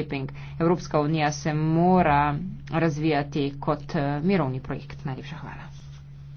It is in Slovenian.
Eping. Evropska unija se mora razvijati kot eh, mirovni projekt. Najlepša hvala.